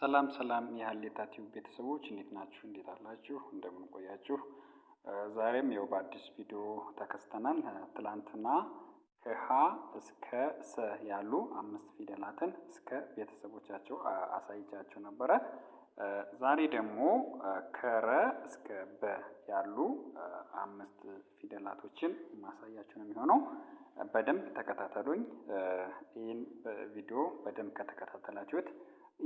ሰላም ሰላም የሀሌታ ቲዩብ ቤተሰቦች እንዴት ናችሁ? እንዴት አላችሁ? እንደምን ቆያችሁ? ዛሬም ያው በአዲስ ቪዲዮ ተከስተናል። ትላንትና ከሀ እስከ ሰ ያሉ አምስት ፊደላትን እስከ ቤተሰቦቻቸው አሳይቻቸው ነበረ። ዛሬ ደግሞ ከረ እስከ በ ያሉ አምስት ፊደላቶችን ማሳያችሁ ነው የሚሆነው። በደንብ ተከታተሉኝ። ይህን ቪዲዮ በደንብ ከተከታተላችሁት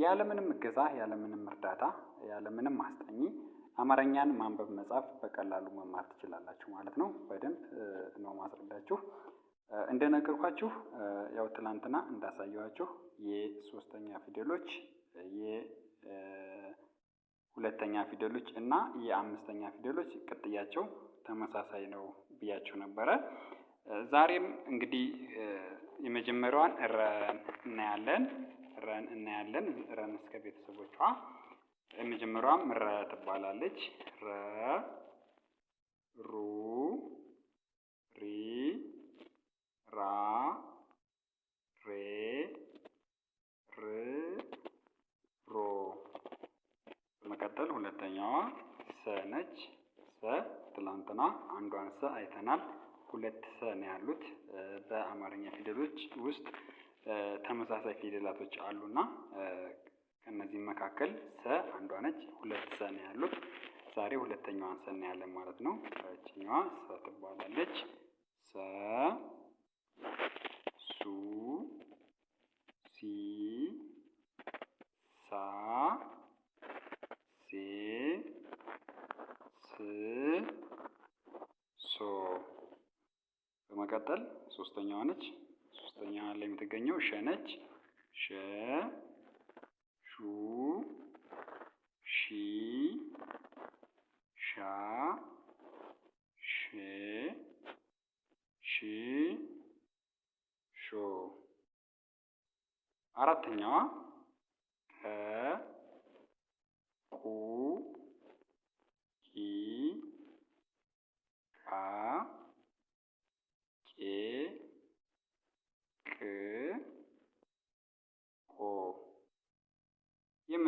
ያለምንም እገዛ፣ ያለምንም እርዳታ፣ ያለምንም አስጠኚ አማርኛን ማንበብ መጻፍ በቀላሉ መማር ትችላላችሁ ማለት ነው። በደንብ ነው ማስረዳችሁ። እንደነገርኳችሁ ያው ትላንትና እንዳሳየኋችሁ የሶስተኛ ፊደሎች የሁለተኛ ፊደሎች እና የአምስተኛ ፊደሎች ቅጥያቸው ተመሳሳይ ነው ብያችሁ ነበረ። ዛሬም እንግዲህ የመጀመሪያዋን ረ እናያለን። ረን እናያለን። ረን እስከ ቤተሰቦቿ የመጀመሪያዋ ረ ትባላለች። ረ ሩ ሪ ራ ሬ ር ሮ። በመቀጠል ሁለተኛዋ ሰ ነች። ሰ ትላንትና አንዷን ሰ አይተናል። ሁለት ሰ ነው ያሉት በአማርኛ ፊደሎች ውስጥ ተመሳሳይ ፊደላቶች አሉና ከእነዚህም መካከል ሰ አንዷ ነች። ሁለት ሰ ነው ያሉት። ዛሬ ሁለተኛዋን ሰ እናያለን ማለት ነው። እችኛዋ ሰ ትባላለች። ሰ ሱ ሲ ሳ ሴ ስ ሶ። በመቀጠል ሶስተኛዋ ነች። ሶስተኛ ላይ የምትገኘው ሸ ነች። ሸ ሹ ሺ ሻ ሼ ሺ ሾ። አራተኛዋ ቀ ቁ ቂ ቃ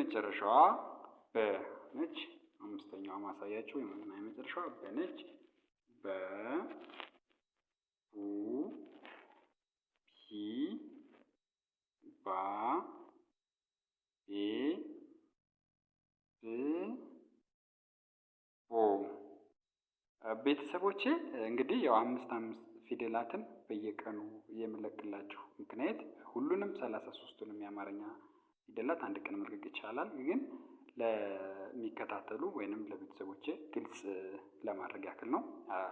የመጨረሻዋ በ ነች። አምስተኛዋ ማሳያቸው የመና የመጨረሻዋ በነች። በ ቡ ቢ ባ ቤ ብ ቦ ቤተሰቦቼ እንግዲህ ያው አምስት አምስት ፊደላትን በየቀኑ የምለቅላችሁ ምክንያት ሁሉንም ሰላሳ ሶስቱንም የአማርኛ ፊደላት አንድ ቀን መልቀቅ ይቻላል፣ ግን ለሚከታተሉ ወይንም ለቤተሰቦች ግልጽ ለማድረግ ያክል ነው።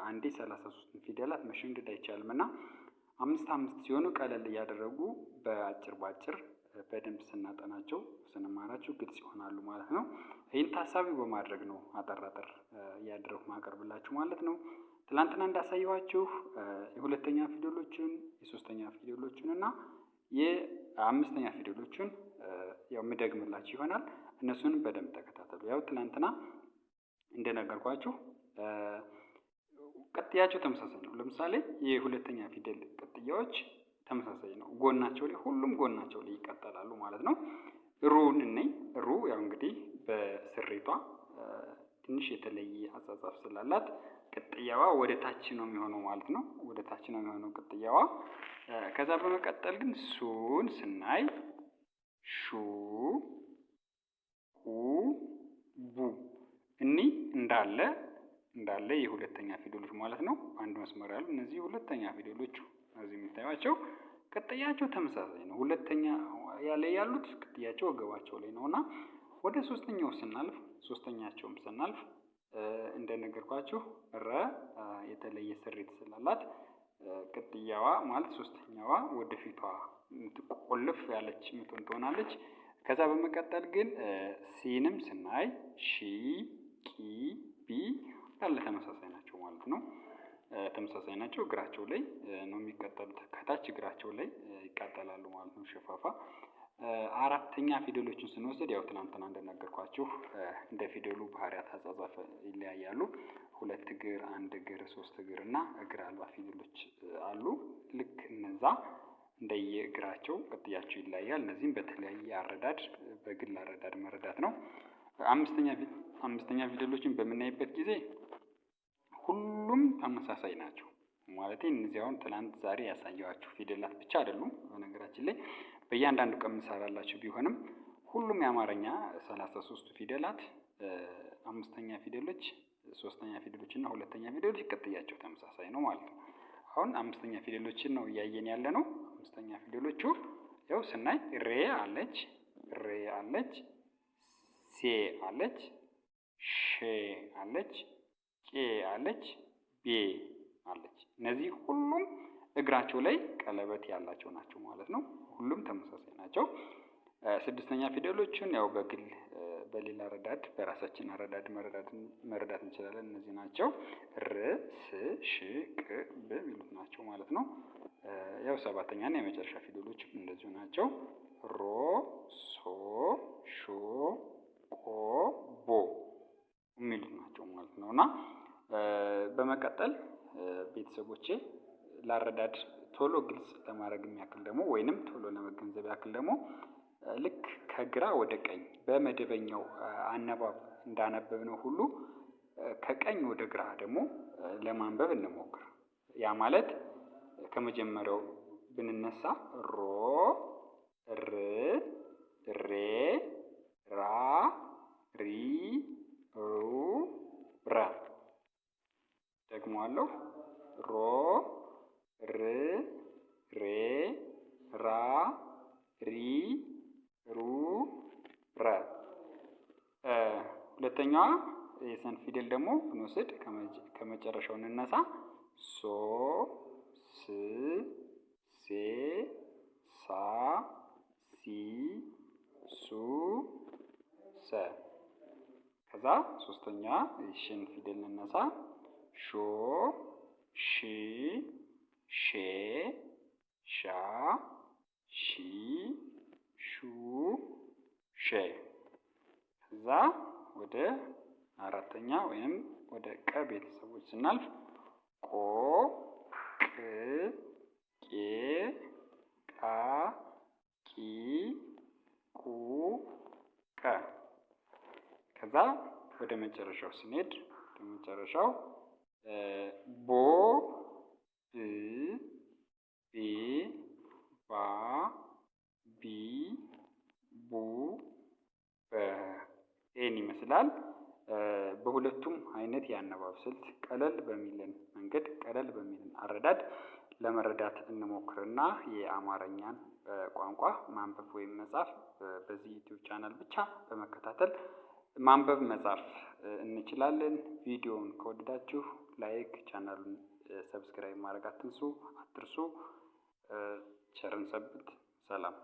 አንዴ ሰላሳ ሶስትን ፊደላት መሸምደድ አይቻልም እና አምስት አምስት ሲሆኑ ቀለል እያደረጉ በአጭር በአጭር በደንብ ስናጠናቸው ስንማራቸው ግልጽ ይሆናሉ ማለት ነው። ይህን ታሳቢ በማድረግ ነው አጠራጠር እያደረጉ ማቀርብላችሁ ማለት ነው። ትላንትና እንዳሳየኋችሁ የሁለተኛ ፊደሎችን የሶስተኛ ፊደሎችን እና የአምስተኛ ፊደሎችን የምደግምላችሁ ይሆናል። እነሱን በደንብ ተከታተሉ። ያው ትናንትና እንደነገርኳችሁ ቅጥያቸው ተመሳሳይ ነው። ለምሳሌ የሁለተኛ ፊደል ቅጥያዎች ተመሳሳይ ነው። ጎናቸው ላይ ሁሉም ጎናቸው ላይ ይቀጠላሉ ማለት ነው። ሩን እነኝ ሩ ያው እንግዲህ በስሪቷ ትንሽ የተለየ አጻጻፍ ስላላት ቅጥያዋ ወደ ታች ነው የሚሆነው ማለት ነው። ወደ ታች ነው የሚሆነው ቅጥያዋ። ከዛ በመቀጠል ግን ሱን ስናይ ሹ ሁ ቡ እኒ እንዳለ እንዳለ የሁለተኛ ፊደሎች ማለት ነው። አንድ መስመር ያሉ እነዚህ ሁለተኛ ፊደሎቹ እዚህ የሚታዩቸው ቅጥያቸው ተመሳሳይ ነው። ሁለተኛ ያለ ያሉት ቅጥያቸው ወገባቸው ላይ ነው እና ወደ ሶስተኛው ስናልፍ ሶስተኛቸውም ስናልፍ እንደነገርኳችሁ ረ የተለየ ስሪት ስላላት ቅጥያዋ ማለት ሶስተኛዋ ወደፊቷ የምትቆልፍ ያለች ምትን ትሆናለች። ከዛ በመቀጠል ግን ሲንም ስናይ ሺ፣ ቂ፣ ቢ ያለ ተመሳሳይ ናቸው ማለት ነው። ተመሳሳይ ናቸው። እግራቸው ላይ ነው የሚቀጠሉት። ከታች እግራቸው ላይ ይቃጠላሉ ማለት ነው። ሸፋፋ አራተኛ ፊደሎችን ስንወስድ ያው ትናንትና እንደነገርኳችሁ እንደ ፊደሉ ባህሪያት አጻጻፍ ይለያያሉ። ሁለት እግር፣ አንድ እግር፣ ሶስት እግር እና እግር አልባ ፊደሎች አሉ። ልክ እነዛ እንደየ እግራቸው ቅጥያቸው ይለያያል። እነዚህም በተለያየ አረዳድ በግል አረዳድ መረዳት ነው። አምስተኛ ፊደሎችን በምናይበት ጊዜ ሁሉም ተመሳሳይ ናቸው። ማለት እነዚህ ትናንት ዛሬ ያሳየኋችሁ ፊደላት ብቻ አይደሉም። በነገራችን ላይ በእያንዳንዱ ቀን የምንሰራላችሁ ቢሆንም ሁሉም የአማርኛ ሰላሳ ሶስቱ ፊደላት አምስተኛ ፊደሎች፣ ሶስተኛ ፊደሎች እና ሁለተኛ ፊደሎች ቅጥያቸው ተመሳሳይ ነው ማለት ነው። አሁን አምስተኛ ፊደሎችን ነው እያየን ያለ ነው። አምስተኛ ፊደሎቹ ያው ስናይ ሬ አለች፣ ሬ አለች፣ ሴ አለች፣ ሼ አለች፣ ቄ አለች፣ ቤ አለች። እነዚህ ሁሉም እግራቸው ላይ ቀለበት ያላቸው ናቸው ማለት ነው። ሁሉም ተመሳሳይ ናቸው። ስድስተኛ ፊደሎችን ያው በግል በሌላ ረዳድ በራሳችን ረዳድ መረዳት እንችላለን። እነዚህ ናቸው ር፣ ስ፣ ሽ፣ ቅ፣ ብ የሚሉት ናቸው ማለት ነው። ያው ሰባተኛና የመጨረሻ ፊደሎች እንደዚሁ ናቸው። ሮ፣ ሶ፣ ሾ፣ ቆ፣ ቦ የሚሉት ናቸው ማለት ነው እና በመቀጠል ቤተሰቦቼ ላረዳድ ቶሎ ግልጽ ለማድረግ የሚያክል ደግሞ ወይንም ቶሎ ለመገንዘብ ያክል ደግሞ ልክ ከግራ ወደ ቀኝ በመደበኛው አነባብ እንዳነበብ ነው ሁሉ ከቀኝ ወደ ግራ ደግሞ ለማንበብ እንሞክር። ያ ማለት ከመጀመሪያው ብንነሳ ሮ ር ሁለተኛዋ የሰን ፊደል ደግሞ ብንወስድ ከመጨረሻው እንነሳ። ሶ ስ ሴ ሳ ሲ ሱ ሰ። ከዛ ሶስተኛ ሽን ፊደል እንነሳ። ሾ ሺ ሼ ሻ ሺ ሹ ሼ። ከዛ ወደ አራተኛ ወይም ወደ ቀ ቤተሰቦች ስናልፍ ቆ፣ ቅ፣ ቄ፣ ቃ፣ ቂ፣ ቁ፣ ቀ። ከዛ ወደ መጨረሻው ስንሄድ ወደ መጨረሻው ቦ፣ ብ፣ ቤ፣ ባ፣ ቢ ይሄን ይመስላል። በሁለቱም አይነት የአነባብ ስልት ቀለል በሚልን መንገድ ቀለል በሚልን አረዳድ ለመረዳት እንሞክርና የአማርኛን ቋንቋ ማንበብ ወይም መጻፍ በዚህ ዩቲዩብ ቻናል ብቻ በመከታተል ማንበብ መጻፍ እንችላለን። ቪዲዮውን ከወደዳችሁ ላይክ፣ ቻናሉን ሰብስክራይብ ማድረግ አትንሱ አትርሱ። ቸርን ሰብት ሰላም